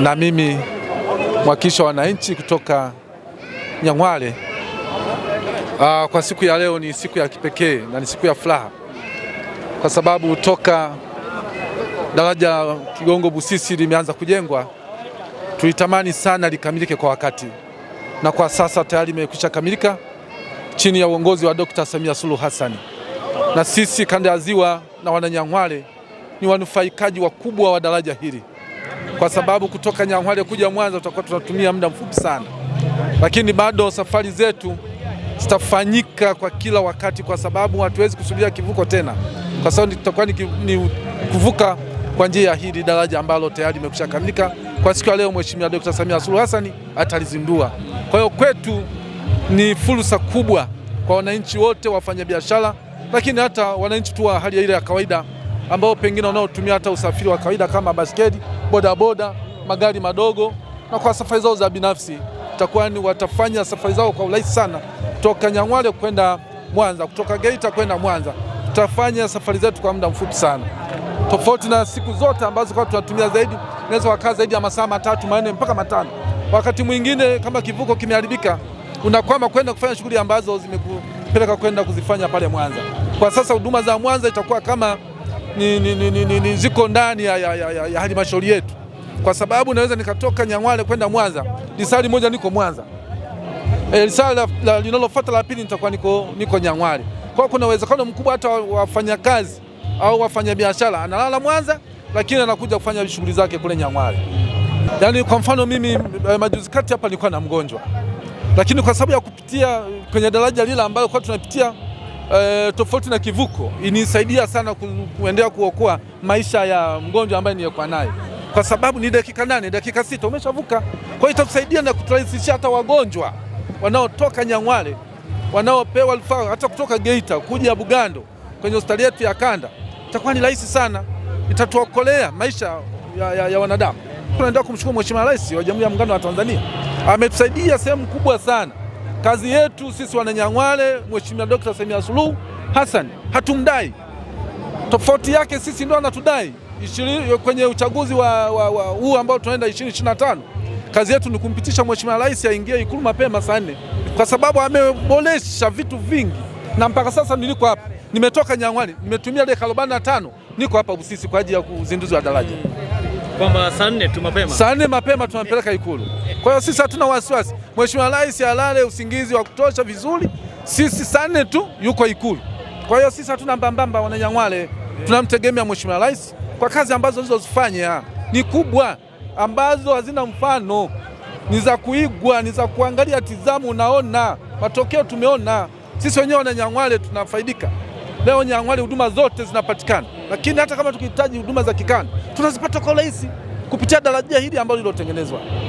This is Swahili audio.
na mimi mwakilishi wa wananchi kutoka Nyang'hwale. Uh, ah, kwa siku ya leo ni siku ya kipekee na ni siku ya furaha kwa sababu toka daraja Kigongo Busisi limeanza kujengwa tulitamani sana likamilike kwa wakati, na kwa sasa tayari limekwisha kamilika chini ya uongozi wa Dr. Samia Suluhu Hassan, na sisi kanda ya Ziwa na wananyang'hwale ni wanufaikaji wakubwa wa daraja hili kwa sababu kutoka Nyang'hwale kuja Mwanza tutakuwa tunatumia muda mfupi sana, lakini bado safari zetu zitafanyika kwa kila wakati, kwa sababu hatuwezi kusubiria kivuko tena, kwa sababu tutakuwa ni, ni kuvuka kwa njia ya hili daraja ambalo tayari limekushakamilika kwa siku ya leo. Mheshimiwa Dkt. Samia Suluhu Hassan atalizindua. Kwa hiyo kwetu ni fursa kubwa kwa wananchi wote, wafanyabiashara, lakini hata wananchi tu wa hali ya ile ya kawaida ambao pengine wanaotumia hata usafiri wa kawaida kama basketi, bodaboda, magari madogo na kwa safari zao za binafsi, itakuwa ni watafanya safari zao kwa urahisi sana kutoka Nyang'hwale kwenda Mwanza, kutoka Geita kwenda Mwanza. Tutafanya safari zetu kwa muda mfupi sana, tofauti na siku zote ambazo kwa tunatumia zaidi, unaweza wakaa zaidi ya masaa matatu manne mpaka matano. Wakati mwingine kama kivuko kimeharibika, unakwama kwenda kufanya shughuli ambazo zimekupeleka kwenda kuzifanya pale Mwanza. Kwa sasa huduma za Mwanza itakuwa kama ni, ni, ni, ni, ni, ziko ndani ya, ya, ya, ya, ya halmashauri yetu, kwa sababu naweza nikatoka Nyang'wale kwenda Mwanza lisali moja niko Mwanza, e, lisali linalofuata la pili nitakuwa niko, niko Nyang'wale. Kwa kuna uwezekano mkubwa hata wafanyakazi au wafanyabiashara analala Mwanza, lakini anakuja kufanya shughuli zake kule Nyang'wale. Yaani kwa mfano mimi eh, majuzi kati hapa nilikuwa na mgonjwa, lakini kwa sababu ya kupitia kwenye daraja lile ambalo kwa tunapitia e, tofauti na kivuko inisaidia sana ku, kuendelea kuokoa maisha ya mgonjwa ambaye nilikuwa naye, kwa sababu ni dakika nane dakika sita umeshavuka. Kwa hiyo itatusaidia na kuturahisishia hata wagonjwa wanaotoka nyangwale wanaopewa rufaa hata kutoka Geita kuja Bugando kwenye hospitali yetu ya kanda, itakuwa ni rahisi sana, itatuokolea maisha ya, ya, ya wanadamu. Tunaendelea kumshukuru Mheshimiwa Rais wa Jamhuri ya Muungano wa Tanzania, ametusaidia sehemu kubwa sana. Kazi yetu sisi Wananyang'wale, Mheshimiwa Dkt. Samia Suluhu Hassan hatumdai, tofauti yake sisi ndo anatudai kwenye uchaguzi wa, wa, wa, huu ambao tunaenda 2025 kazi yetu ni kumpitisha Mheshimiwa Rais aingie Ikulu mapema saa nne kwa sababu ameboresha vitu vingi, na mpaka sasa niliko hapa, nimetoka nyangwale nimetumia dakika 45 niko hapa Busisi kwa ajili ya uzinduzi wa daraja kwamba saa nne tu mapema, saa nne mapema tunampeleka Ikulu. Kwa hiyo sisi hatuna wasiwasi, Mheshimiwa Rais alale usingizi wa kutosha vizuri. Sisi saa nne tu yuko Ikulu. Kwa hiyo sisi hatuna mbambamba, Wananyang'hwale tunamtegemea Mheshimiwa Rais kwa kazi ambazo alizozifanya ni kubwa, ambazo hazina mfano, ni za kuigwa, ni za kuangalia. Tizamu, unaona matokeo, tumeona sisi wenyewe Wananyang'hwale tunafaidika leo. Nyang'hwale huduma zote zinapatikana lakini hata kama tukihitaji huduma za kikanda tunazipata kwa urahisi kupitia daraja hili ambalo lilotengenezwa.